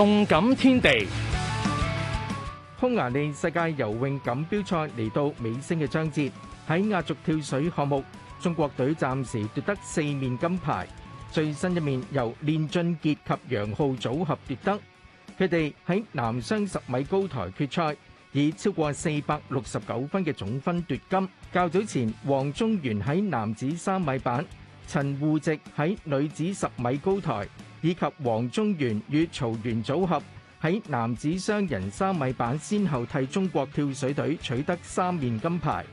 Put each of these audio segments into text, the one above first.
動感天地，匈牙利世界游泳錦標賽嚟到尾聲嘅章節。喺壓軸跳水項目，中國隊暫時奪得四面金牌，最新一面由練俊傑及楊昊組合奪得。佢哋喺男雙十米高台決賽，以超過四百六十九分嘅總分奪金。較早前，王宗源喺男子三米板，陳芋汐喺女子十米高台。以及黃宗元與曹元組合，喺男子雙人三米板先後替中國跳水隊取得三面金牌。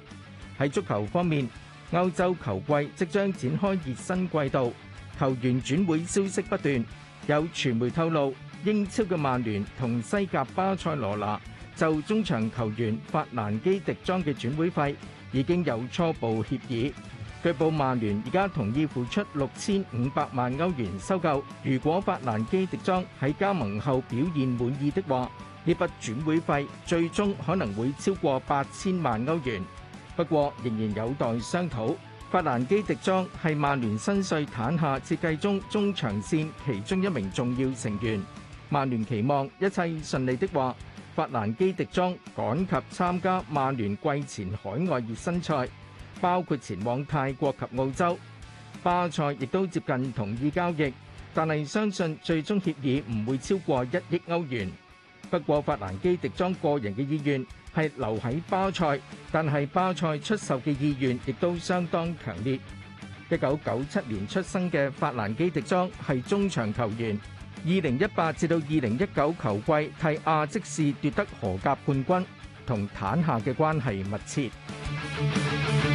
喺足球方面，歐洲球季即將展開熱身季度，球員轉會消息不斷，有傳媒透露，英超嘅曼聯同西甲巴塞羅那就中場球員法蘭基迪莊嘅轉會費已經有初步協議。據報，曼聯而家同意付出六千五百萬歐元收購。如果法蘭基迪莊喺加盟後表現滿意嘅話，呢筆轉會費最終可能會超過八千萬歐元。不過，仍然有待商討。法蘭基迪莊係曼聯新帥坦夏設計中中場線其中一名重要成員。曼聯期望一切順利嘅話，法蘭基迪莊趕及參加曼聯季前海外熱身賽。包括前往泰國及澳洲，巴塞亦都接近同意交易，但係相信最終協議唔會超過一億歐元。不過法蘭基迪莊個人嘅意願係留喺巴塞，但係巴塞出售嘅意願亦都相當強烈。一九九七年出生嘅法蘭基迪莊係中場球員，二零一八至到二零一九球季替亞積士奪得荷甲冠軍，同坦夏嘅關係密切。